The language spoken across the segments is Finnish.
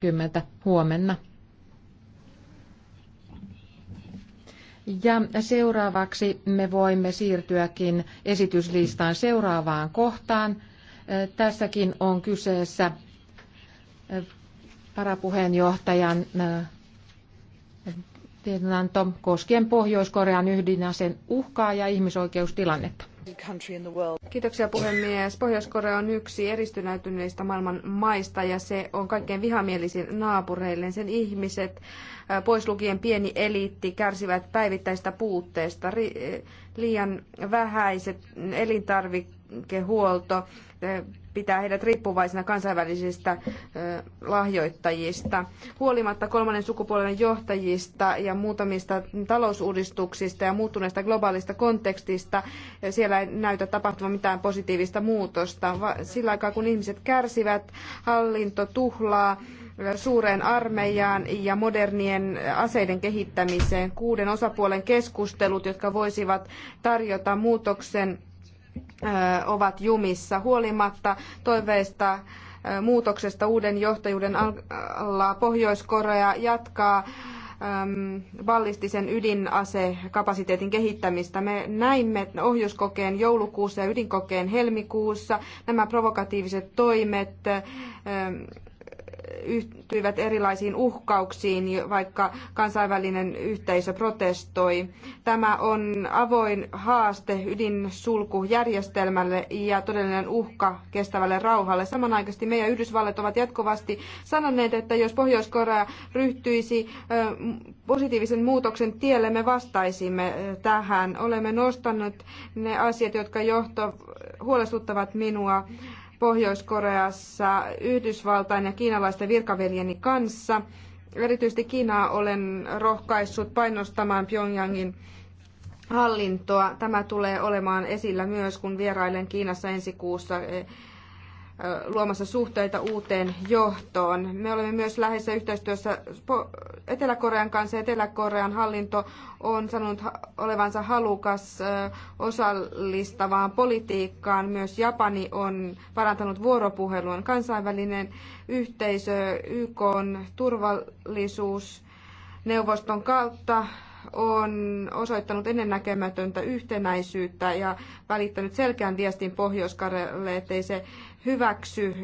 10 huomenna. Ja seuraavaksi me voimme siirtyäkin esityslistaan seuraavaan kohtaan. Tässäkin on kyseessä parapuheenjohtajan eh, eh, tiedonanto koskien Pohjois-Korean ydinaseen uhkaa ja ihmisoikeustilannetta. Kiitoksia puhemies. Pohjois-Korea on yksi eristyneytyneistä maailman maista ja se on kaikkein vihamielisin naapureilleen. Sen ihmiset, pois lukien pieni eliitti, kärsivät päivittäistä puutteesta. liian vähäiset elintarvikehuolto, pitää heidät riippuvaisina kansainvälisistä lahjoittajista. Huolimatta kolmannen sukupolven johtajista ja muutamista talousuudistuksista ja muuttuneesta globaalista kontekstista, siellä ei näytä tapahtuvan mitään positiivista muutosta. Sillä aikaa kun ihmiset kärsivät, hallinto tuhlaa suureen armeijaan ja modernien aseiden kehittämiseen. Kuuden osapuolen keskustelut, jotka voisivat tarjota muutoksen ovat jumissa huolimatta toiveista muutoksesta uuden johtajuuden alla Pohjois-Korea jatkaa ballistisen ydinasekapasiteetin kehittämistä. Me näimme ohjuskokeen joulukuussa ja ydinkokeen helmikuussa. Nämä provokatiiviset toimet yhtyivät erilaisiin uhkauksiin, vaikka kansainvälinen yhteisö protestoi. Tämä on avoin haaste ydinsulkujärjestelmälle ja todellinen uhka kestävälle rauhalle. Samanaikaisesti meidän Yhdysvallat ovat jatkuvasti sanoneet, että jos Pohjois-Korea ryhtyisi positiivisen muutoksen tielle, me vastaisimme tähän. Olemme nostaneet ne asiat, jotka johto huolestuttavat minua Pohjois-Koreassa Yhdysvaltain ja kiinalaisten virkaveljeni kanssa. Erityisesti Kiinaa olen rohkaissut painostamaan Pyongyangin hallintoa. Tämä tulee olemaan esillä myös, kun vierailen Kiinassa ensi kuussa luomassa suhteita uuteen johtoon. Me olemme myös läheisessä yhteistyössä Etelä-Korean kanssa. Etelä-Korean hallinto on sanonut olevansa halukas osallistavaan politiikkaan. Myös Japani on parantanut vuoropuhelun. Kansainvälinen yhteisö, YK on turvallisuusneuvoston kautta on osoittanut ennennäkemätöntä yhtenäisyyttä ja välittänyt selkeän viestin Pohjois-Karjalle, ettei se hyväksy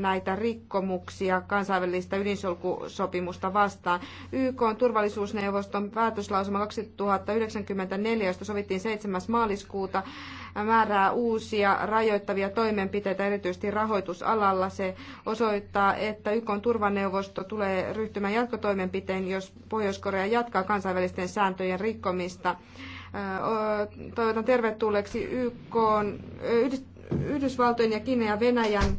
näitä rikkomuksia kansainvälistä ydinsulkusopimusta vastaan. YK on turvallisuusneuvoston päätöslausuma 2094, josta sovittiin 7. maaliskuuta, määrää uusia rajoittavia toimenpiteitä erityisesti rahoitusalalla. Se osoittaa, että YK on turvaneuvosto tulee ryhtymään jatkotoimenpiteen, jos Pohjois-Korea jatkaa kansainvälisten sääntöjen rikkomista toivotan tervetulleeksi YK, Yhdysvaltojen ja Kiinan ja Venäjän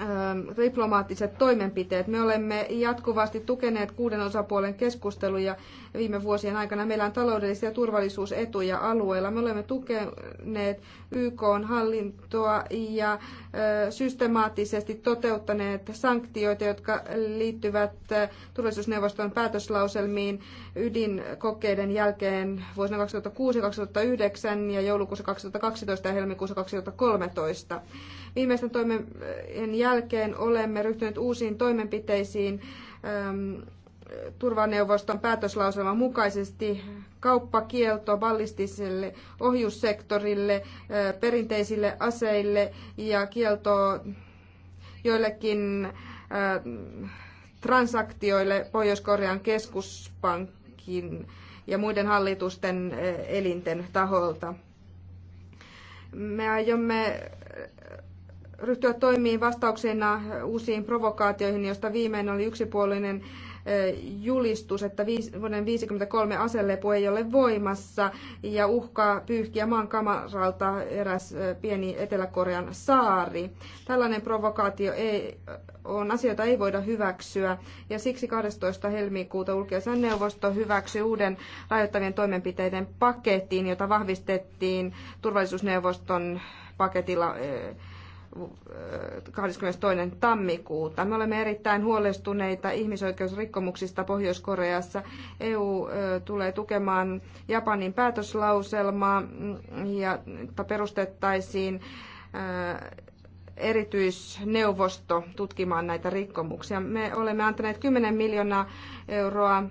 Ähm, diplomaattiset toimenpiteet. Me olemme jatkuvasti tukeneet kuuden osapuolen keskusteluja viime vuosien aikana. Meillä on taloudellisia turvallisuusetuja alueella. Me olemme tukeneet YK hallintoa ja systemaattisesti toteuttaneet sanktioita, jotka liittyvät turvallisuusneuvoston päätöslauselmiin ydinkokeiden jälkeen vuosina 2006-2009 ja joulukuussa 2012 ja helmikuussa 2013. Viimeisten toimen jälkeen olemme ryhtyneet uusiin toimenpiteisiin ähm, turvaneuvoston päätöslauselman mukaisesti kauppakielto ballistiselle ohjussektorille, äh, perinteisille aseille ja kielto joillekin äh, transaktioille Pohjois-Korean keskuspankin ja muiden hallitusten äh, elinten taholta. Me aiomme ryhtyä toimiin vastauksena uusiin provokaatioihin, josta viimein oli yksipuolinen julistus, että vuoden 1953 aselepu ei ole voimassa ja uhkaa pyyhkiä maan kamaralta eräs pieni Etelä-Korean saari. Tällainen provokaatio ei, on asioita ei voida hyväksyä ja siksi 12. helmikuuta ulkoisen neuvosto hyväksyi uuden rajoittavien toimenpiteiden paketin, jota vahvistettiin turvallisuusneuvoston paketilla 22. tammikuuta. Me olemme erittäin huolestuneita ihmisoikeusrikkomuksista Pohjois-Koreassa. EU tulee tukemaan Japanin päätöslauselmaa mm, ja perustettaisiin erityisneuvosto tutkimaan näitä rikkomuksia. Me olemme antaneet 10 miljoonaa euroa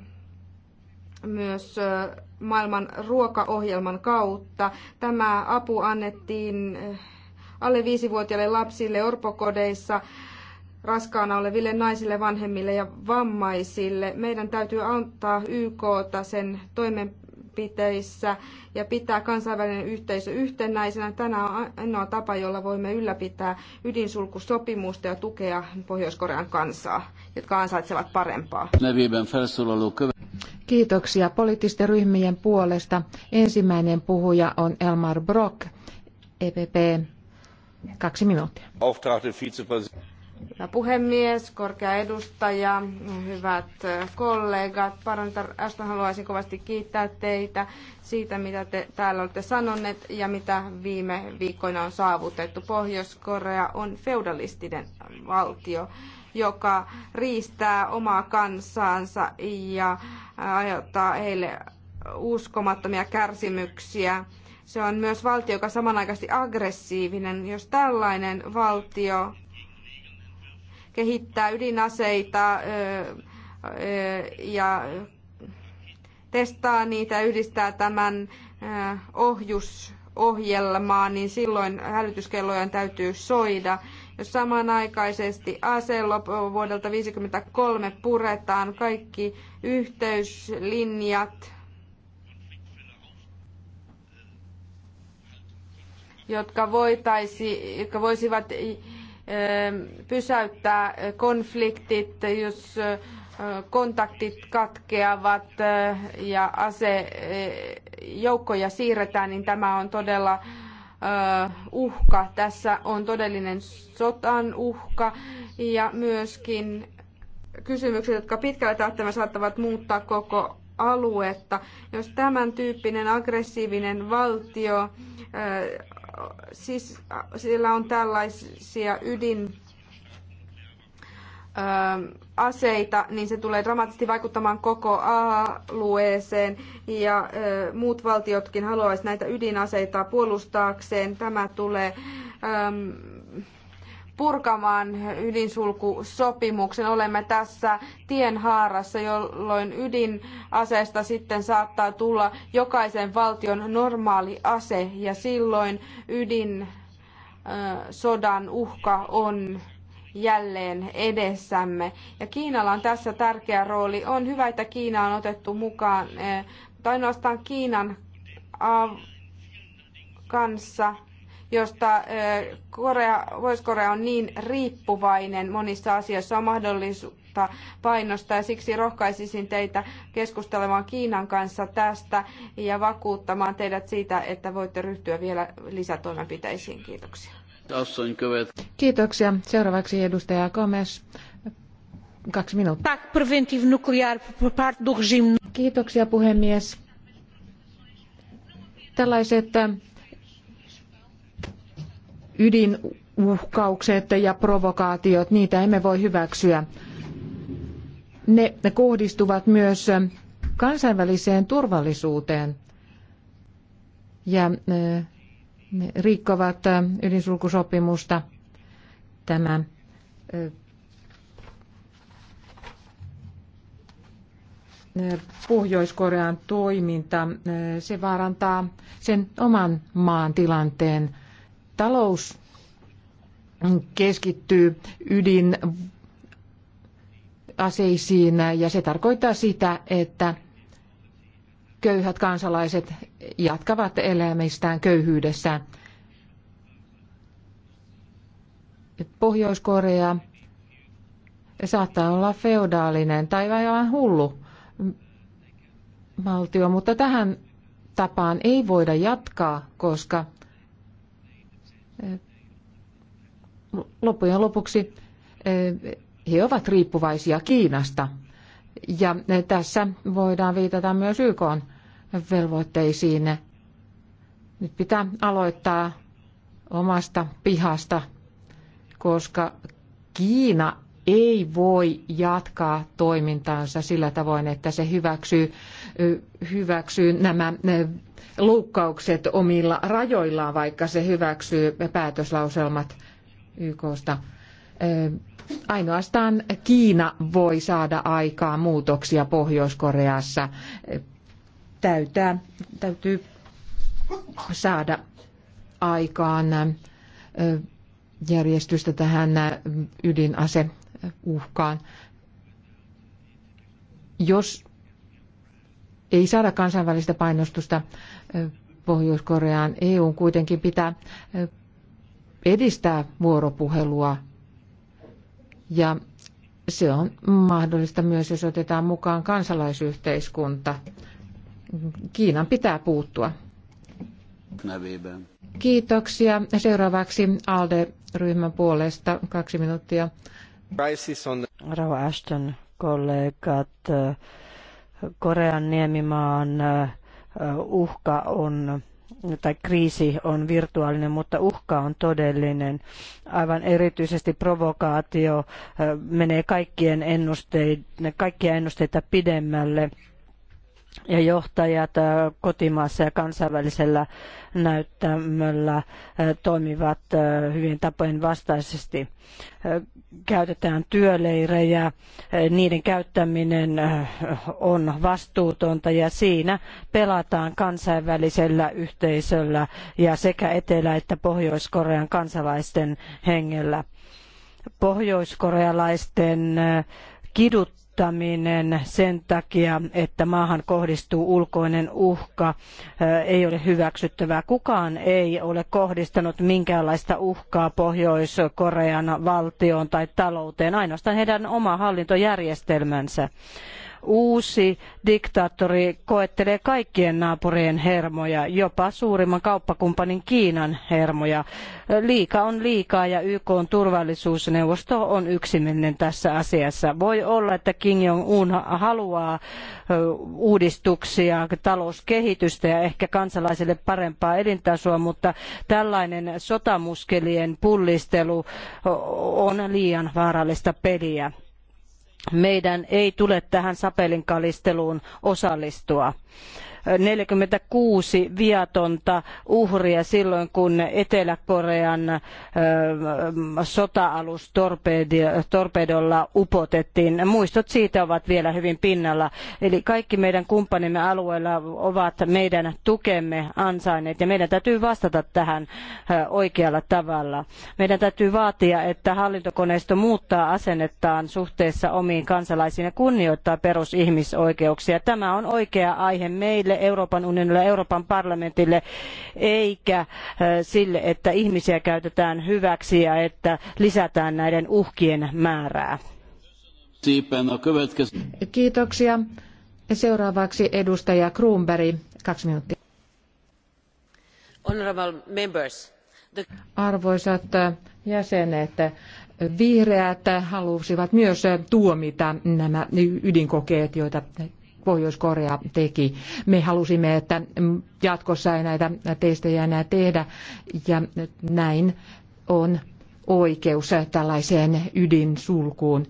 myös maailman ruokaohjelman kautta. Tämä apu annettiin alle viisivuotiaille lapsille orpokodeissa, raskaana oleville naisille, vanhemmille ja vammaisille. Meidän täytyy antaa YKta sen toimenpiteissä ja pitää kansainvälinen yhteisö yhtenäisenä. Tänä on ainoa tapa, jolla voimme ylläpitää ydinsulkusopimusta ja tukea Pohjois-Korean kansaa, jotka ansaitsevat parempaa. Kiitoksia poliittisten ryhmien puolesta. Ensimmäinen puhuja on Elmar Brok, EPP Kaksi minuuttia. Hyvä puhemies, korkea edustaja, hyvät kollegat. Parantar Aston haluaisin kovasti kiittää teitä siitä, mitä te täällä olette sanoneet ja mitä viime viikkoina on saavutettu. Pohjois-Korea on feudalistinen valtio, joka riistää omaa kansaansa ja aiheuttaa heille uskomattomia kärsimyksiä se on myös valtio, joka samanaikaisesti aggressiivinen. Jos tällainen valtio kehittää ydinaseita ja testaa niitä, yhdistää tämän ohjusohjelmaan, niin silloin hälytyskellojen täytyy soida. Jos samanaikaisesti aselop vuodelta 1953 puretaan kaikki yhteyslinjat jotka, voitaisi, jotka voisivat eh, pysäyttää konfliktit, jos eh, kontaktit katkeavat eh, ja ase, joukkoja siirretään, niin tämä on todella uhka. Tässä on todellinen sotan uhka ja myöskin kysymykset, jotka pitkällä tähtäimellä saattavat muuttaa koko aluetta. Jos tämän tyyppinen aggressiivinen valtio siis, sillä on tällaisia ydin aseita, niin se tulee dramaattisesti vaikuttamaan koko alueeseen ja muut valtiotkin haluaisivat näitä ydinaseita puolustaakseen. Tämä tulee purkamaan ydinsulkusopimuksen. Olemme tässä tienhaarassa, jolloin ydinaseesta sitten saattaa tulla jokaisen valtion normaali ase ja silloin ydin sodan uhka on jälleen edessämme. Ja Kiinalla on tässä tärkeä rooli. On hyvä, että Kiina on otettu mukaan, mutta ainoastaan Kiinan kanssa josta Korea, Pohjois-Korea on niin riippuvainen monissa asioissa, on mahdollisuutta painostaa ja siksi rohkaisisin teitä keskustelemaan Kiinan kanssa tästä ja vakuuttamaan teidät siitä, että voitte ryhtyä vielä lisätoimenpiteisiin. Kiitoksia. Kiitoksia. Seuraavaksi edustaja Gomes. Kaksi minuuttia. Kiitoksia puhemies. Tällaiset ydinuhkaukset ja provokaatiot, niitä emme voi hyväksyä. Ne kohdistuvat myös kansainväliseen turvallisuuteen ja e, ne rikkovat e, ydinsulkusopimusta. Tämä e, Pohjois-Korean toiminta, se vaarantaa sen oman maan tilanteen Talous keskittyy ydin aseisiin ja se tarkoittaa sitä, että köyhät kansalaiset jatkavat elämistään köyhyydessä. Pohjois-Korea saattaa olla feodaalinen tai vähän hullu valtio, mutta tähän tapaan ei voida jatkaa, koska loppujen lopuksi he ovat riippuvaisia Kiinasta. Ja tässä voidaan viitata myös YK velvoitteisiin. Nyt pitää aloittaa omasta pihasta, koska Kiina ei voi jatkaa toimintaansa sillä tavoin, että se hyväksyy hyväksyy nämä loukkaukset omilla rajoillaan, vaikka se hyväksyy päätöslauselmat YKsta. Ainoastaan Kiina voi saada aikaan muutoksia Pohjois-Koreassa. Täytää, täytyy saada aikaan järjestystä tähän ydinaseuhkaan. Jos ei saada kansainvälistä painostusta Pohjois-Koreaan. EU kuitenkin pitää edistää vuoropuhelua ja se on mahdollista myös, jos otetaan mukaan kansalaisyhteiskunta. Kiinan pitää puuttua. Kiitoksia. Seuraavaksi ALDE-ryhmän puolesta kaksi minuuttia. Rauha Ashton, kollegat Korean niemimaan uhka on tai kriisi on virtuaalinen, mutta uhka on todellinen. Aivan erityisesti provokaatio menee kaikkien ennusteiden kaikkia ennusteita pidemmälle ja johtajat äh, kotimaassa ja kansainvälisellä näyttämöllä äh, toimivat äh, hyvin tapojen vastaisesti. Käytetään työleirejä, niiden käyttäminen on vastuutonta ja siinä pelataan kansainvälisellä yhteisöllä ja sekä Etelä- että Pohjois-Korean kansalaisten hengellä Pohjois-Korealaisten kiduttaminen sen takia, että maahan kohdistuu ulkoinen uhka, ei ole hyväksyttävää. Kukaan ei ole kohdistanut minkäänlaista uhkaa Pohjois-Korean valtioon tai talouteen, ainoastaan heidän oma hallintojärjestelmänsä Uusi diktaattori koettelee kaikkien naapurien hermoja, jopa suurimman kauppakumppanin Kiinan hermoja. Liika on liikaa ja YK on turvallisuusneuvosto on yksimielinen tässä asiassa. Voi olla, että Kim Jong-un haluaa uudistuksia, talouskehitystä ja ehkä kansalaisille parempaa elintasoa, mutta tällainen sotamuskelien pullistelu on liian vaarallista peliä meidän ei tule tähän sapelinkalisteluun osallistua neljäkymmentäkuusi viatonta uhria silloin kun etelä korean sota alus torpedolla upotettiin. muistot siitä ovat vielä hyvin pinnalla eli kaikki meidän kumppanimme alueella ovat meidän tukemme ansainneet ja meidän täytyy vastata tähän oikealla tavalla. meidän täytyy vaatia että hallintokoneisto muuttaa asennettaan suhteessa omiin kansalaisiin ja kunnioittaa perusihmisoikeuksia. tämä on oikea aihe meille tälle Euroopan unionille, Euroopan parlamentille, eikä äh, sille, että ihmisiä käytetään hyväksi ja että lisätään näiden uhkien määrää. Kiitoksia. Seuraavaksi edustaja Kruunberg, kaksi minuuttia. Arvoisat äh, jäsenet, äh, vihreät halusivat myös tuomita nämä ydinkokeet, joita Pohjois-Korea teki. Me halusimme, että jatkossa ei näitä testejä enää tehdä ja näin on oikeus tällaiseen ydinsulkuun.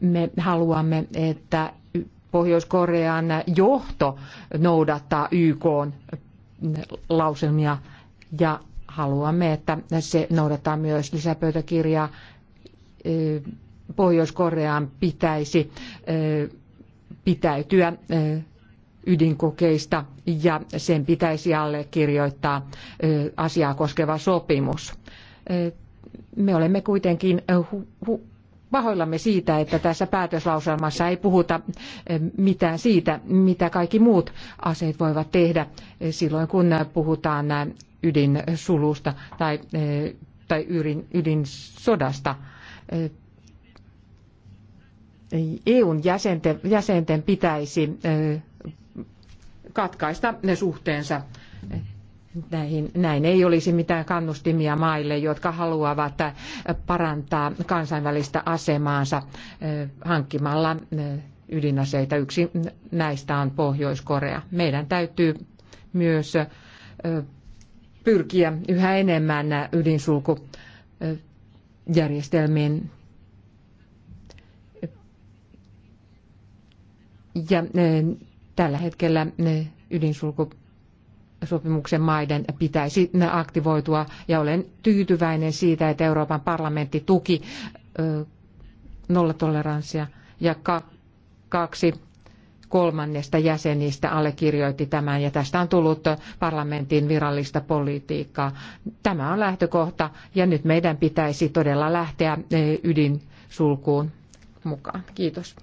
Me haluamme, että Pohjois-Korean johto noudattaa YK lauselmia ja haluamme, että se noudattaa myös lisäpöytäkirjaa. Pohjois-Koreaan pitäisi pitäytyä ydinkokeista ja sen pitäisi allekirjoittaa asiaa koskeva sopimus. Me olemme kuitenkin pahoillamme siitä, että tässä päätöslauselmassa ei puhuta mitään siitä, mitä kaikki muut aseet voivat tehdä silloin, kun puhutaan ydinsulusta tai, tai ydinsodasta. EUn jäsenten, jäsenten pitäisi katkaista ne suhteensa näihin. Näin ei olisi mitään kannustimia maille, jotka haluavat parantaa kansainvälistä asemaansa hankkimalla ydinaseita. Yksi näistä on Pohjois-Korea. Meidän täytyy myös pyrkiä yhä enemmän ydinsulkujärjestelmien Ja eh, tällä hetkellä eh, ydinsulku sopimuksen maiden pitäisi eh, aktivoitua ja olen tyytyväinen siitä, että Euroopan parlamentti tuki nollatoleranssia ja kaksi kolmannesta jäsenistä allekirjoitti tämän ja tästä on tullut parlamentin virallista politiikkaa. Tämä on lähtökohta ja nyt meidän pitäisi todella lähteä ydinsulkuun mukaan. Kiitos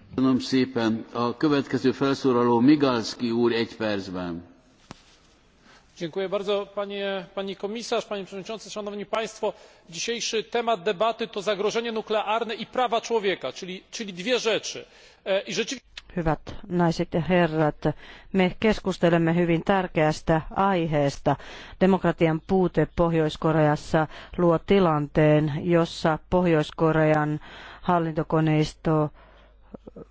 pani komisarz, panie przewodniczący, szanowni państwo. Dzisiejszy temat debaty to zagrożenie nuklearne i prawa człowieka, czyli, dwie rzeczy. E, I rzeczywiście hyvät naiset ja herrat. Me keskustelemme hyvin tärkeästä aiheesta. Demokratian puute Pohjois-Koreassa luo tilanteen, jossa Pohjois-Korean hallintokoneisto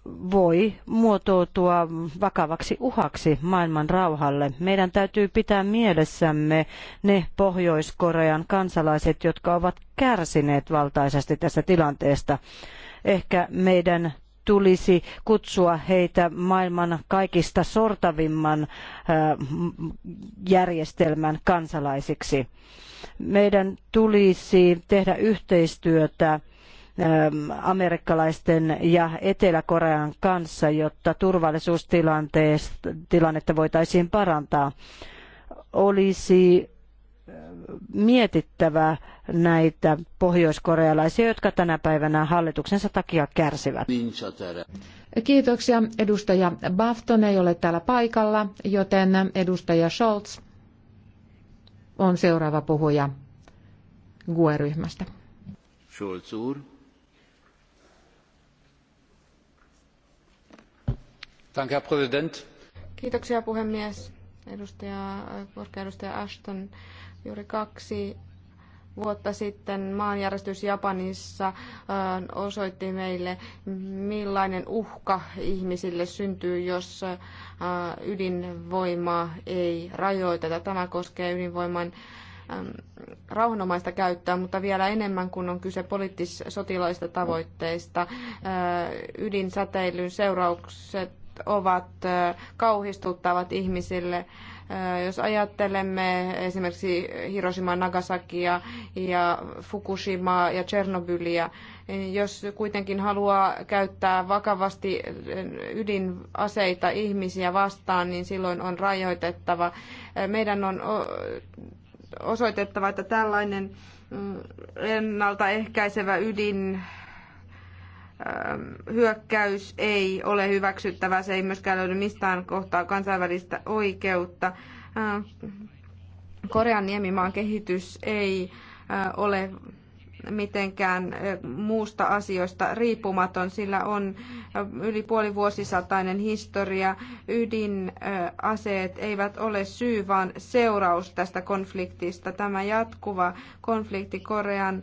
voi muotoutua vakavaksi uhaksi maailman rauhalle. Meidän täytyy pitää mielessämme ne Pohjois-Korean kansalaiset, jotka ovat kärsineet valtaisesti tästä tilanteesta. Ehkä meidän tulisi kutsua heitä maailman kaikista sortavimman äh, järjestelmän kansalaisiksi. Meidän tulisi tehdä yhteistyötä Ähm, amerikkalaisten ja Etelä-Korean kanssa, jotta turvallisuustilannetta voitaisiin parantaa. Olisi äh, mietittävä näitä pohjoiskorealaisia, jotka tänä päivänä hallituksensa takia kärsivät. Kiitoksia. Edustaja Bafton ei ole täällä paikalla, joten edustaja Scholz on seuraava puhuja GUE-ryhmästä. Scholz, Herr Präsident. Kiitoksia puhemies. Edustaja, korkea edustaja Ashton, juuri kaksi vuotta sitten maanjäristys Japanissa osoitti meille, millainen uhka ihmisille syntyy, jos ydinvoimaa ei rajoiteta. Tämä koskee ydinvoiman rauhanomaista käyttöä, mutta vielä enemmän kun on kyse poliittis-sotilaista tavoitteista. Ydinsäteilyn seuraukset ovat kauhistuttavat ihmisille. Jos ajattelemme esimerkiksi Hiroshima, Nagasakia ja Fukushimaa ja Tsernobyliä, jos kuitenkin haluaa käyttää vakavasti ydinaseita ihmisiä vastaan, niin silloin on rajoitettava. Meidän on osoitettava, että tällainen mm, ennaltaehkäisevä ydin Ähm, hyökkäys ei ole hyväksyttävä, se ei myöskään löydy mistään kohtaa kansainvälistä oikeutta. Äh, Korean niemimaan kehitys ei äh, ole mitenkään eh, muusta asioista riippumaton. Sillä on eh, yli puoli vuosisatainen historia. Ydinaseet eh, eivät ole syy, vaan seuraus tästä konfliktista. Tämä jatkuva konflikti Korean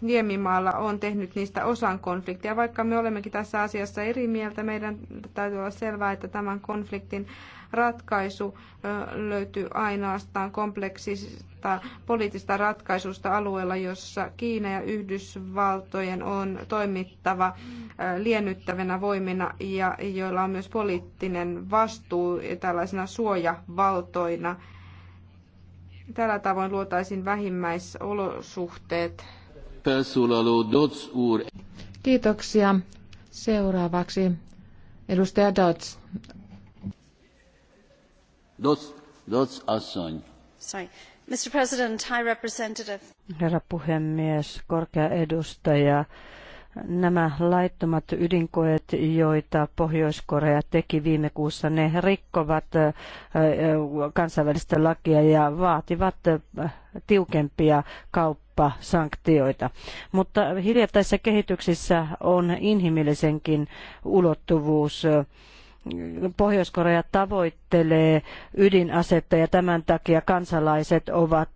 niemimaalla on tehnyt niistä osan konfliktia. Vaikka me olemmekin tässä asiassa eri mieltä, meidän täytyy olla selvää, että tämän konfliktin ratkaisu löytyy ainoastaan kompleksista poliittista ratkaisusta alueella, jossa Kiina ja Yhdysvaltojen on toimittava liennyttävänä voimina ja joilla on myös poliittinen vastuu tällaisena suojavaltoina. Tällä tavoin luotaisiin vähimmäisolosuhteet. Kiitoksia. Seuraavaksi edustaja Dodds, Mr. Herra puhemies, korkea edustaja. Nämä laittomat ydinkoet, joita Pohjois-Korea teki viime kuussa, ne rikkovat kansainvälistä lakia ja vaativat tiukempia kauppasanktioita. Mutta hiljattaisissa kehityksissä on inhimillisenkin ulottuvuus Pohjois-Korea tavoittelee ydinasetta ja tämän takia kansalaiset ovat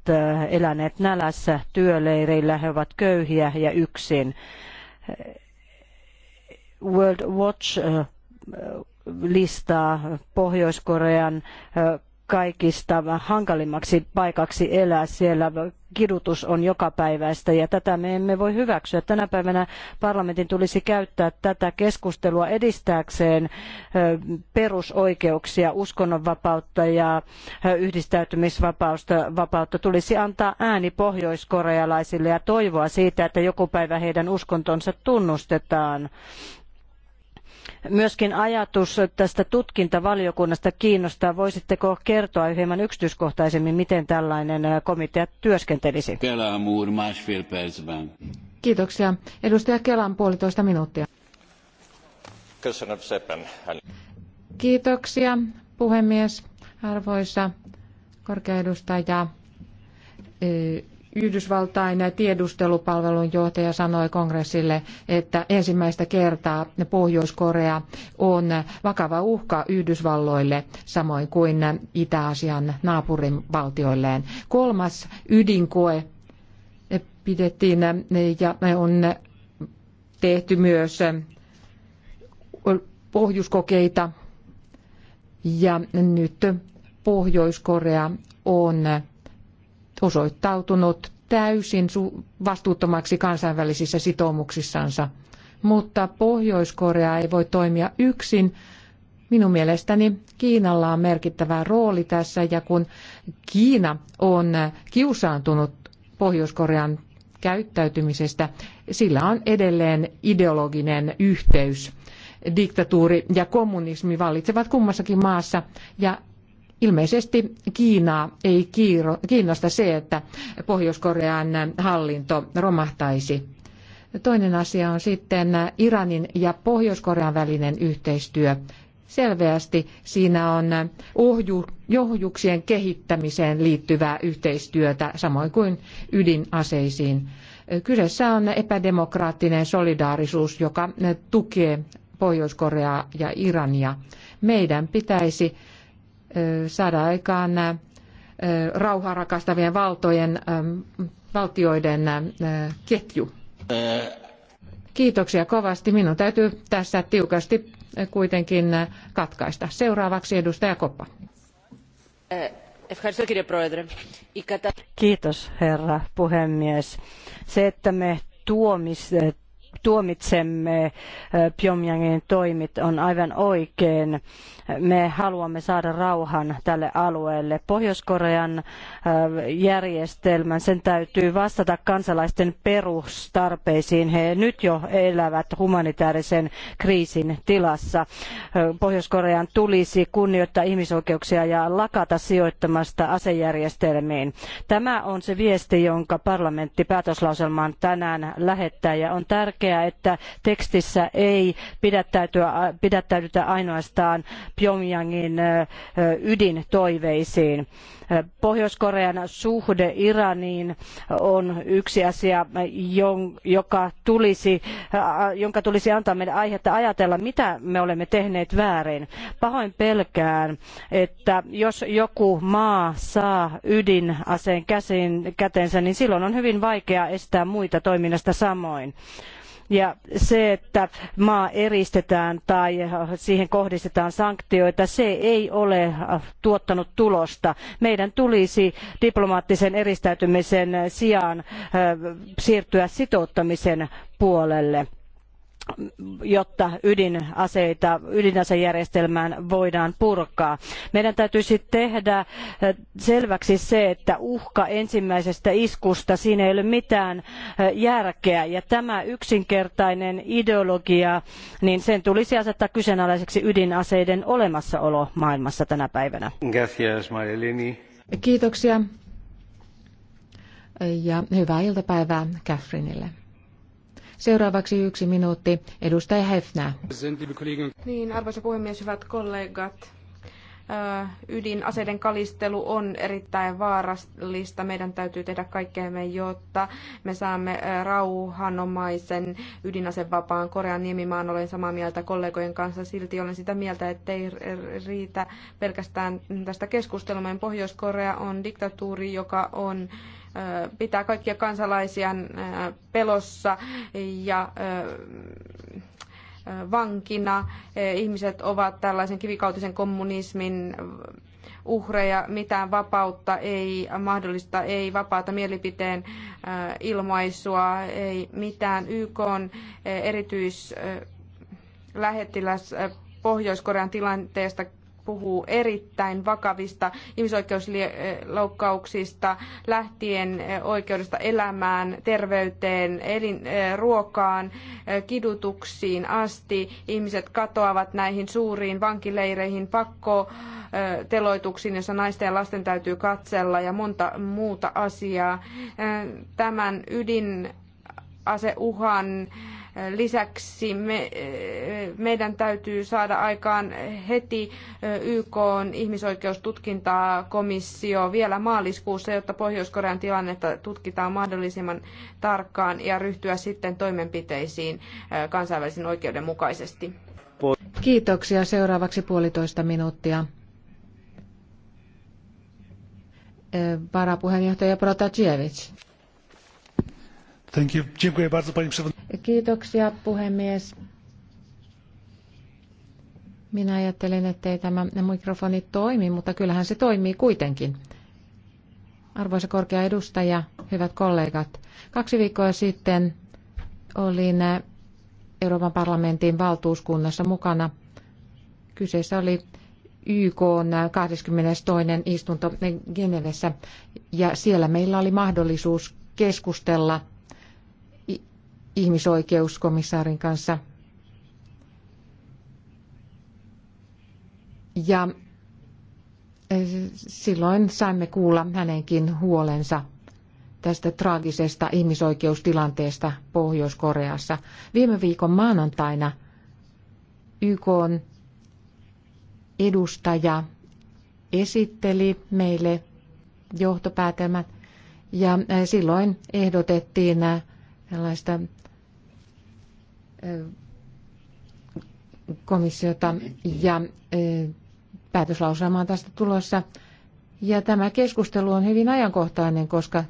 eläneet nälässä työleireillä, he ovat köyhiä ja yksin. World Watch listaa Pohjois-Korean kaikista hankalimmaksi paikaksi elää siellä. Kidutus on jokapäiväistä ja tätä me emme voi hyväksyä. Tänä päivänä parlamentin tulisi käyttää tätä keskustelua edistääkseen perusoikeuksia, uskonnonvapautta ja yhdistäytymisvapautta tulisi antaa ääni pohjoiskorealaisille ja toivoa siitä, että joku päivä heidän uskontonsa tunnustetaan Myöskin ajatus tästä tutkintavaliokunnasta kiinnostaa. Voisitteko kertoa hieman yksityiskohtaisemmin, miten tällainen komitea työskentelisi? Kiitoksia. Edustaja Kelan puolitoista minuuttia. Kiitoksia puhemies, arvoisa korkea edustaja Yhdysvaltain tiedustelupalvelun johtaja sanoi kongressille, että ensimmäistä kertaa Pohjois-Korea on vakava uhka Yhdysvalloille, samoin kuin Itä-Asian naapurivaltioilleen. Kolmas ydinkoe pidettiin ja on tehty myös pohjuskokeita ja nyt Pohjois-Korea on osoittautunut täysin vastuuttomaksi kansainvälisissä sitoumuksissansa. Mutta Pohjois-Korea ei voi toimia yksin. Minun mielestäni Kiinalla on merkittävä rooli tässä ja kun Kiina on kiusaantunut Pohjois-Korean käyttäytymisestä, sillä on edelleen ideologinen yhteys diktatuuri ja kommunismi vallitsevat kummassakin maassa ja Ilmeisesti Kiinaa ei kiinnosta se, että Pohjois-Korean hallinto romahtaisi. Toinen asia on sitten Iranin ja Pohjois-Korean välinen yhteistyö. Selveästi siinä on ohju, johjuksien kehittämiseen liittyvää yhteistyötä, samoin kuin ydinaseisiin. Kyseessä on epädemokraattinen solidaarisuus, joka tukee Pohjois-Koreaa ja Irania. Meidän pitäisi saada aikaan rauhaa rakastavien valtojen, valtioiden ketju. Kiitoksia kovasti. Minun täytyy tässä tiukasti kuitenkin katkaista. Seuraavaksi edustaja Koppa. Kiitos herra puhemies. Se, että me tuomis, tuomitsemme Pyongyangin toimit on aivan oikein. Me haluamme saada rauhan tälle alueelle. Pohjois-Korean järjestelmän, sen täytyy vastata kansalaisten perustarpeisiin. He nyt jo elävät humanitaarisen kriisin tilassa. Pohjois-Korean tulisi kunnioittaa ihmisoikeuksia ja lakata sijoittamasta asejärjestelmiin. Tämä on se viesti, jonka parlamentti päätöslauselmaan tänään lähettää ja on tärkeää, tärkeää, että tekstissä ei pidättäydytä ainoastaan Pyongyangin ydintoiveisiin. Pohjois-Korean suhde Iraniin on yksi asia, joka tulisi, jonka tulisi antaa meidän aihetta ajatella, mitä me olemme tehneet väärin. Pahoin pelkään, että jos joku maa saa ydinaseen käteensä, niin silloin on hyvin vaikea estää muita toiminnasta samoin. Ja se, että maa eristetään tai siihen kohdistetaan sanktioita, se ei ole tuottanut tulosta. Meidän tulisi diplomaattisen eristäytymisen sijaan siirtyä sitouttamisen puolelle jotta ydinaseita, ydinasejärjestelmään voidaan purkaa. Meidän täytyisi tehdä eh, selväksi se, että uhka ensimmäisestä iskusta, siinä ei ole mitään eh, järkeä. Ja tämä yksinkertainen ideologia, niin sen tulisi asettaa kyseenalaiseksi ydinaseiden olemassaolo maailmassa tänä päivänä. Gracias, Kiitoksia ja hyvää iltapäivää Catherineille. Seuraavaksi yksi minuutti. Edustaja Hefnä. Niin, arvoisa puhemies, hyvät kollegat ydinaseiden kalistelu on erittäin vaarallista. Meidän täytyy tehdä kaikkeemme, jotta me saamme rauhanomaisen ydinasevapaan Korean niemimaan. Olen samaa mieltä kollegojen kanssa. Silti olen sitä mieltä, että ei riitä pelkästään tästä keskustelua. Pohjois-Korea on diktatuuri, joka on pitää kaikkia kansalaisia pelossa ja vankina. E, ihmiset ovat tällaisen kivikautisen kommunismin uhreja, mitään vapautta ei mahdollista, ei vapaata mielipiteen e, ilmaisua, ei mitään YK e, erityislähettiläs Pohjois-Korean tilanteesta puhuu erittäin vakavista ihmisoikeusloukkauksista lähtien eh, oikeudesta elämään, terveyteen, elin, eh, ruokaan, eh, kidutuksiin asti. Ihmiset katoavat näihin suuriin vankileireihin, pakkoteloituksiin, jossa naisten ja lasten täytyy katsella ja monta muuta asiaa. Tämän ydinaseuhan Lisäksi me, meidän täytyy saada aikaan heti YK on ihmisoikeustutkintaa komissio vielä maaliskuussa, jotta Pohjois-Korean tilannetta tutkitaan mahdollisimman tarkkaan ja ryhtyä sitten toimenpiteisiin kansainvälisen oikeuden mukaisesti. Kiitoksia. Seuraavaksi puolitoista minuuttia. Varapuheenjohtaja Protagiewicz. Thank you. Dziękuję bardzo, panie przewodnicząca. Kiitoksia puhemies. Minä ajattelin, ettei tämä mikrofoni toimi, mutta kyllähän se toimii kuitenkin. Arvoisa korkea edustaja, hyvät kollegat, kaksi viikkoa sitten olin Euroopan parlamentin valtuuskunnassa mukana. Kyseessä oli YK 22. istunto Genevessä ja siellä meillä oli mahdollisuus keskustella – ihmisoikeuskomissaarin kanssa. Ja eh, silloin saimme kuulla hänenkin huolensa tästä traagisesta ihmisoikeustilanteesta Pohjois-Koreassa. Viime viikon maanantaina YK on edustaja esitteli meille johtopäätelmät ja eh, silloin ehdotettiin eh, tällaista komissiota ja e, päätöslauselma on tästä tulossa. Ja tämä keskustelu on hyvin ajankohtainen, koska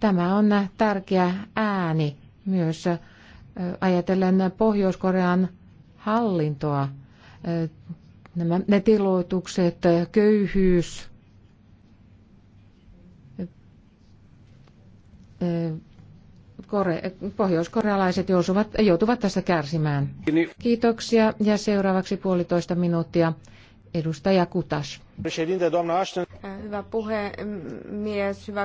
tämä on tärkeä ääni myös e, ajatellen Pohjois-Korean hallintoa. E, nämä, ne tiloitukset, köyhyys, kore, pohjoiskorealaiset joutuvat, joutuvat tästä kärsimään. Kiitoksia ja seuraavaksi puolitoista minuuttia. Edustaja Kutas. Hyvä puhemies, hyvä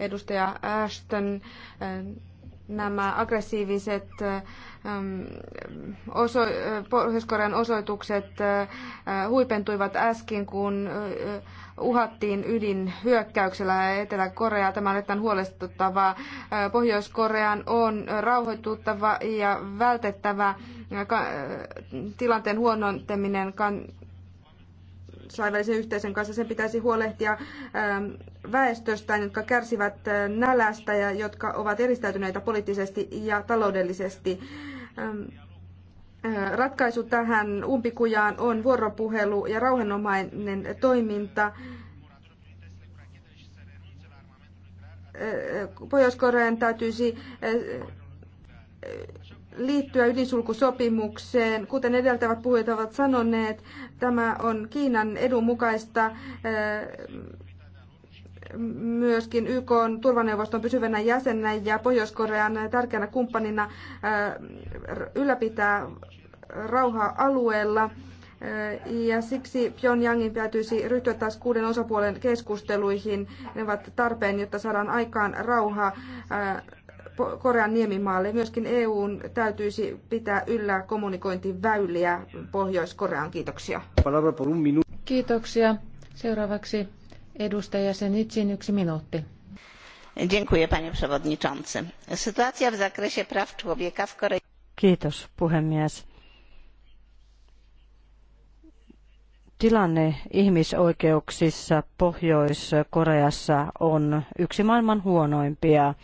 edustaja Ashton nämä aggressiiviset ähm, oso, äh, Pohjois-Korean osoitukset äh, huipentuivat äsken, kun äh, uhattiin ydinhyökkäyksellä Etelä-Koreaa. Tämä on erittäin huolestuttavaa. Pohjois-Korean on rauhoituttava ja vältettävä tilanteen huonontaminen kansainvälisen yhteisön kanssa. Sen pitäisi huolehtia ähm, väestöstä, jotka kärsivät äh, nälästä ja jotka ovat eristäytyneitä poliittisesti ja taloudellisesti. Ähm, äh, ratkaisu tähän umpikujaan on vuoropuhelu ja rauhanomainen toiminta. Äh, Pohjois-Korean täytyisi liittyä ydinsulkusopimukseen. Kuten edeltävät puhujat ovat sanoneet, tämä on Kiinan edun mukaista eh, myöskin YK on turvaneuvoston pysyvänä jäsenenä ja Pohjois-Korean tärkeänä kumppanina eh, ylläpitää rauhaa alueella. Eh, ja siksi Pyongyangin täytyisi ryhtyä taas kuuden osapuolen keskusteluihin. Ne ovat tarpeen, jotta saadaan aikaan rauha Korean niemimaalle. Myöskin EUn täytyisi pitää yllä kommunikointiväyliä Pohjois-Koreaan. Kiitoksia. Kiitoksia. Seuraavaksi edustaja Senitsin yksi minuutti. Dziękuję, panie przewodniczący. Sytuacja w zakresie praw człowieka w Korei... Kiitos, puhemies. tilanne ihmisoikeuksissa Pohjois-Koreassa on yksi maailman huonoimpia.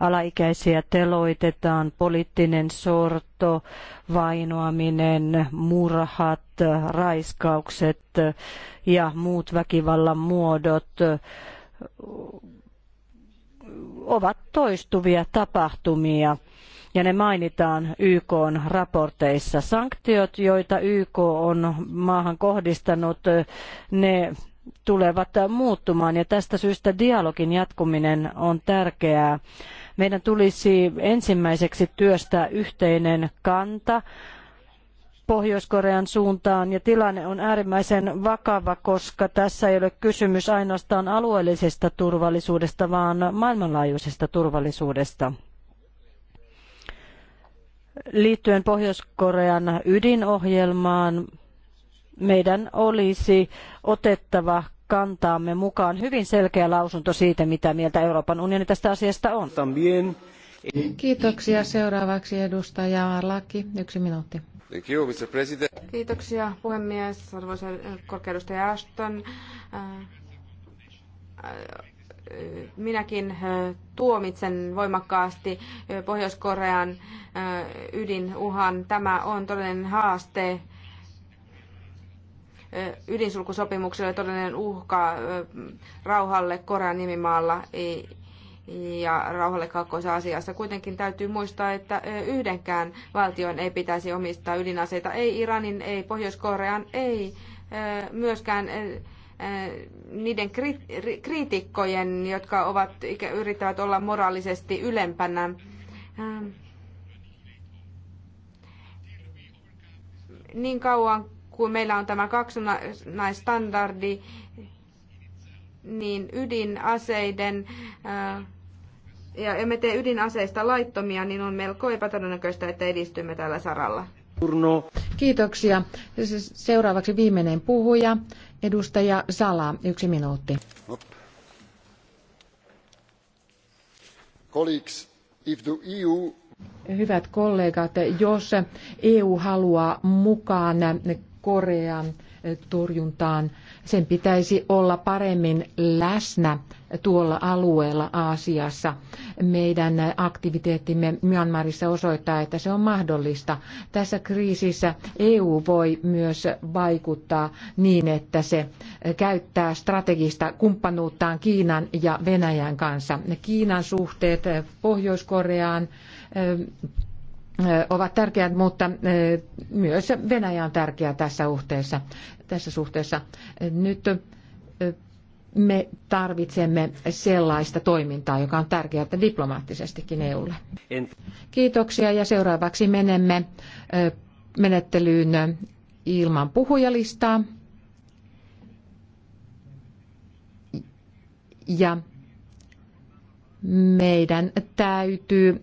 Alaikäisiä teloitetaan, poliittinen sorto, vainoaminen, murhat, raiskaukset ja muut väkivallan muodot ovat toistuvia tapahtumia ja ne mainitaan YK raporteissa. Sanktiot, joita YK on maahan kohdistanut, ne tulevat muuttumaan ja tästä syystä dialogin jatkuminen on tärkeää. Meidän tulisi ensimmäiseksi työstää yhteinen kanta Pohjois-Korean suuntaan ja tilanne on äärimmäisen vakava, koska tässä ei ole kysymys ainoastaan alueellisesta turvallisuudesta, vaan maailmanlaajuisesta turvallisuudesta liittyen Pohjois-Korean ydinohjelmaan meidän olisi otettava kantaamme mukaan hyvin selkeä lausunto siitä, mitä mieltä Euroopan unioni tästä asiasta on. Kiitoksia. Seuraavaksi edustaja Arlaki. Yksi minuutti. Thank you, Mr. President. Kiitoksia puhemies, arvoisa korkeudustaja Ashton äh, minäkin tuomitsen voimakkaasti Pohjois-Korean ydinuhan. Tämä on todellinen haaste ydinsulkusopimukselle, todellinen uhka rauhalle Korean nimimaalla ja rauhalle Kaakkois-Aasiassa. Kuitenkin täytyy muistaa, että yhdenkään valtion ei pitäisi omistaa ydinaseita. Ei Iranin, ei Pohjois-Korean, ei myöskään Äh, niiden kriitikkojen, jotka ovat, yrittävät olla moraalisesti ylempänä. Ähm. Niin kauan kuin meillä on tämä kaksinaistandardi, niin ydinaseiden äh, ja emme tee ydinaseista laittomia, niin on melko epätodennäköistä, että edistymme tällä saralla. Kiitoksia. Seuraavaksi viimeinen puhuja. Edustaja Sala, yksi minuutti. E Hyvät kollegat, jos EU haluaa mukaan Korean torjuntaan. Sen pitäisi olla paremmin läsnä tuolla alueella Aasiassa. Meidän aktiviteettimme Myanmarissa osoittaa, että se on mahdollista. Tässä kriisissä EU voi myös vaikuttaa niin, että se käyttää strategista kumppanuuttaan Kiinan ja Venäjän kanssa. Kiinan suhteet Pohjois-Koreaan ovat tärkeät, mutta myös Venäjä on tärkeä tässä, uhteessa, tässä suhteessa. Nyt me tarvitsemme sellaista toimintaa, joka on tärkeää että diplomaattisestikin EUlle. Kiitoksia ja seuraavaksi menemme menettelyyn ilman puhujalistaa. Ja meidän täytyy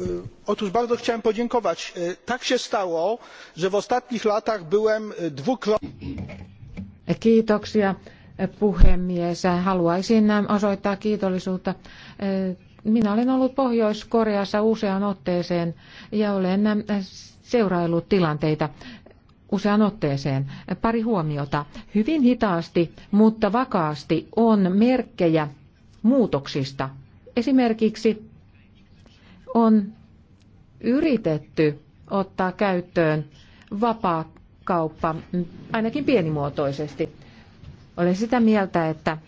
E, otóż bardzo chciałem podziękować. E, tak się stało że w ostatnich latach byłem e, dwukrotnie. Kiitoksia puhemies. Haluaisin osoittaa kiitollisuutta. Minä olen ollut Pohjois-Koreassa useaan otteeseen ja olen seuraillut tilanteita usean otteeseen. Pari huomiota. Hyvin hitaasti, mutta vakaasti on merkkejä muutoksista. Esimerkiksi on yritetty ottaa käyttöön vapaa kauppa, ainakin pienimuotoisesti. Olen sitä mieltä, että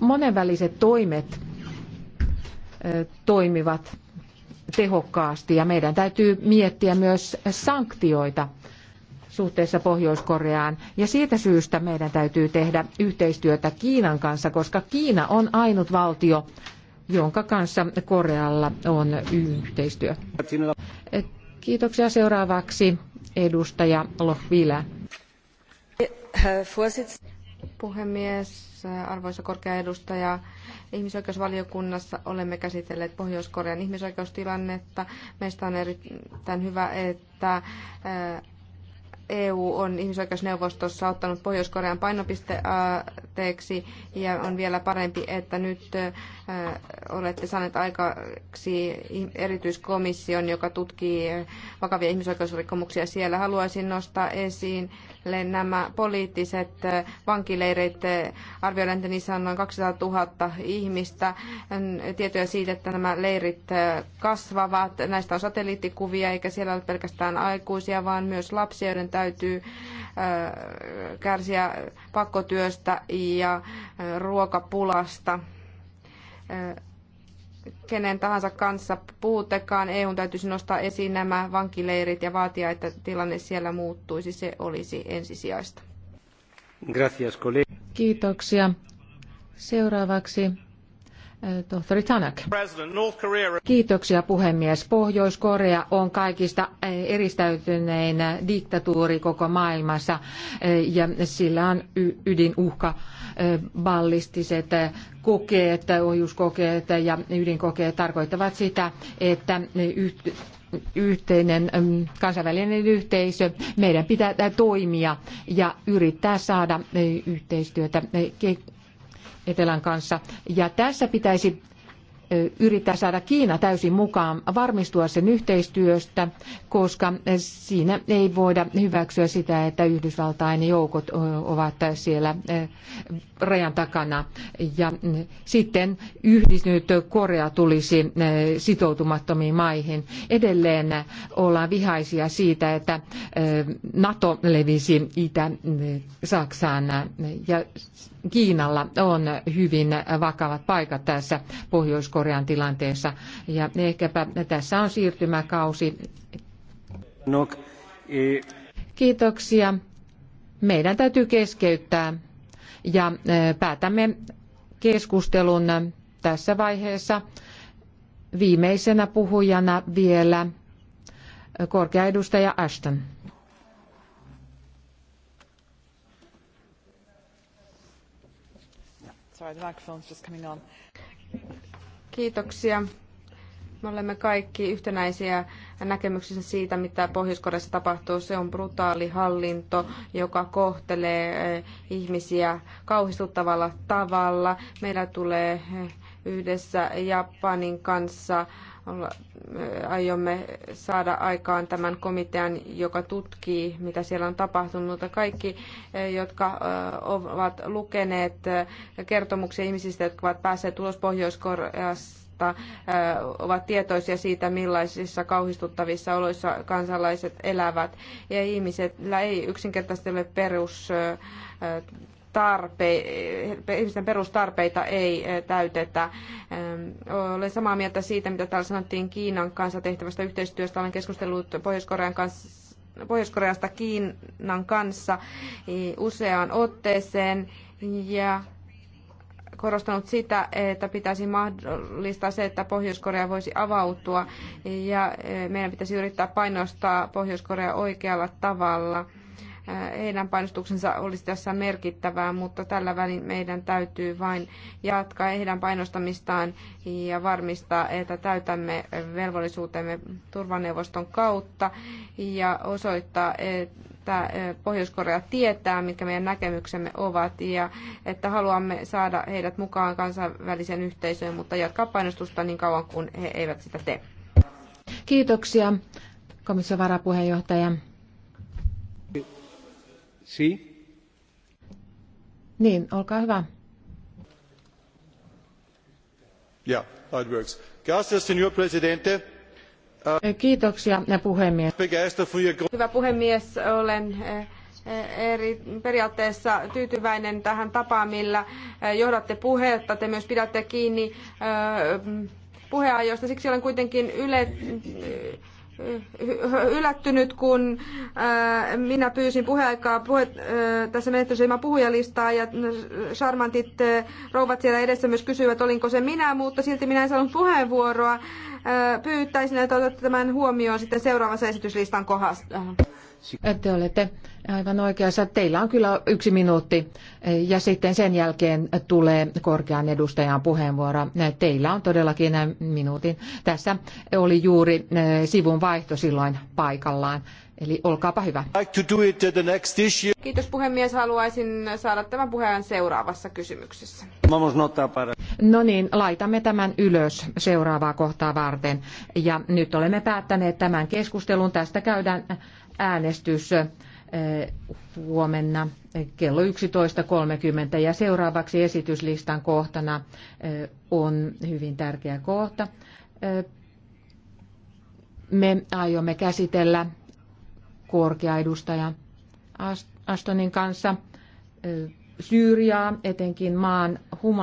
monenväliset toimet toimivat tehokkaasti ja meidän täytyy miettiä myös sanktioita suhteessa Pohjois-Koreaan. Ja siitä syystä meidän täytyy tehdä yhteistyötä Kiinan kanssa, koska Kiina on ainut valtio, jonka kanssa Korealla on yhteistyö. Kiitoksia seuraavaksi edustaja Lohvilä. Puhemies, arvoisa korkea edustaja, ihmisoikeusvaliokunnassa olemme käsitelleet Pohjois-Korean ihmisoikeustilannetta. Meistä on erittäin hyvä, että EU on ihmisoikeusneuvostossa ottanut Pohjois-Korean painopisteeksi ja on vielä parempi, että nyt olette saaneet aikaksi erityiskomission, joka tutkii vakavia ihmisoikeusrikkomuksia siellä. Haluaisin nostaa esiin nämä poliittiset vankileireit. arvioidaan, että niissä on noin 200 000 ihmistä. Tietoja siitä, että nämä leirit kasvavat. Näistä on satelliittikuvia, eikä siellä ole pelkästään aikuisia, vaan myös lapsia, joiden täytyy kärsiä pakkotyöstä ja ruokapulasta kenen tahansa kanssa puhuttekaan. EUn täytyisi nostaa esiin nämä vankileirit ja vaatia, että tilanne siellä muuttuisi. Se olisi ensisijaista. Kiitoksia. Seuraavaksi Äh, tohtori Tanak. Kiitoksia puhemies. Pohjois-Korea on kaikista äh, eristäytynein diktatuuri koko maailmassa äh, ja sillä on ydinuhka ballistiset kokeet, ohjuskokeet ja ydinkokeet tarkoittavat sitä, että yhteinen kansainvälinen yhteisö. Meidän pitää toimia ja yrittää saada yhteistyötä Etelän kanssa. Ja tässä pitäisi yrittää saada Kiina täysin mukaan, varmistua sen yhteistyöstä, koska siinä ei voida hyväksyä sitä, että Yhdysvaltain joukot ovat siellä rajan takana. Ja mm, sitten yhdistynyt Korea tulisi sitoutumattomiin maihin. Edelleen ollaan vihaisia siitä, että NATO levisi Itä-Saksaan ja Kiinalla on hyvin vakavat paikat tässä Pohjois-Korean tilanteessa. Ja ehkäpä tässä on siirtymäkausi. E- Kiitoksia. Meidän täytyy keskeyttää ja e, päätämme keskustelun tässä vaiheessa. Viimeisenä puhujana vielä korkea edustaja Ashton. Sorry, the microphone's just coming on. Kiitoksia. Me olemme kaikki yhtenäisiä näkemyksissä siitä, mitä Pohjois-Koreassa tapahtuu. Se on brutaali hallinto, joka kohtelee eh, ihmisiä kauhistuttavalla tavalla. Meillä tulee eh, yhdessä Japanin kanssa aiomme saada aikaan tämän komitean, joka tutkii, mitä siellä on tapahtunut. kaikki, jotka ovat lukeneet kertomuksia ihmisistä, jotka ovat päässeet ulos Pohjois-Koreasta, ovat tietoisia siitä, millaisissa kauhistuttavissa oloissa kansalaiset elävät. Ja ihmisillä ei yksinkertaisesti ole perus tarpe, ihmisten perustarpeita ei eh, täytetä. Olen samaa mieltä siitä, mitä täällä sanottiin Kiinan kanssa tehtävästä yhteistyöstä. Olen keskustellut Pohjois-Korean kanssa Pohjois-Koreasta Kiinan kanssa useaan otteeseen ja korostanut sitä, että pitäisi mahdollistaa se, että Pohjois-Korea voisi avautua ja eh, meidän pitäisi yrittää painostaa Pohjois-Korea oikealla tavalla – heidän painostuksensa olisi tässä merkittävää, mutta tällä välin meidän täytyy vain jatkaa heidän painostamistaan ja varmistaa, että täytämme velvollisuutemme turvaneuvoston kautta ja osoittaa, että Pohjois-Korea tietää, mitkä meidän näkemyksemme ovat ja että haluamme saada heidät mukaan kansainväliseen yhteisöön, mutta jatkaa painostusta niin kauan kuin he eivät sitä tee. Kiitoksia komission varapuheenjohtaja. Sí. Niin, olkaa hyvä. Yeah, it works. Gracias, señor presidente. Uh, Kiitoksia puhemies. Hyvä puhemies, olen eh, eh, eri periaatteessa tyytyväinen tähän tapaan, millä eh, johdatte puhetta. Te myös pidätte kiinni puheajoista. Siksi olen kuitenkin yle, yllättynyt, kun äh, minä pyysin puheaikaa puhe, äh, tässä menettelyssä ilman puhujalistaa ja äh, charmantit rouvat siellä edessä myös kysyivät, olinko se minä, mutta silti minä en saanut puheenvuoroa. Pyytäisin, että otatte tämän huomioon sitten seuraavassa esityslistan kohdassa. Te olette aivan oikeassa. Teillä on kyllä yksi minuutti ja sitten sen jälkeen tulee korkean edustajan puheenvuoro. Teillä on todellakin minuutin. Tässä oli juuri eh, sivun vaihto silloin paikallaan. Eli olkaapa hyvä. Kiitos puhemies. Haluaisin saada tämän puheen seuraavassa kysymyksessä. No niin, laitamme tämän ylös seuraavaa kohtaa varten. Ja nyt olemme päättäneet tämän keskustelun. Tästä käydään äänestys eh, huomenna kello 11.30 ja seuraavaksi esityslistan kohtana eh, on hyvin tärkeä kohta. Eh, me aiomme käsitellä korkea edustaja Astonin kanssa Syyriaa, etenkin maan humanitaarista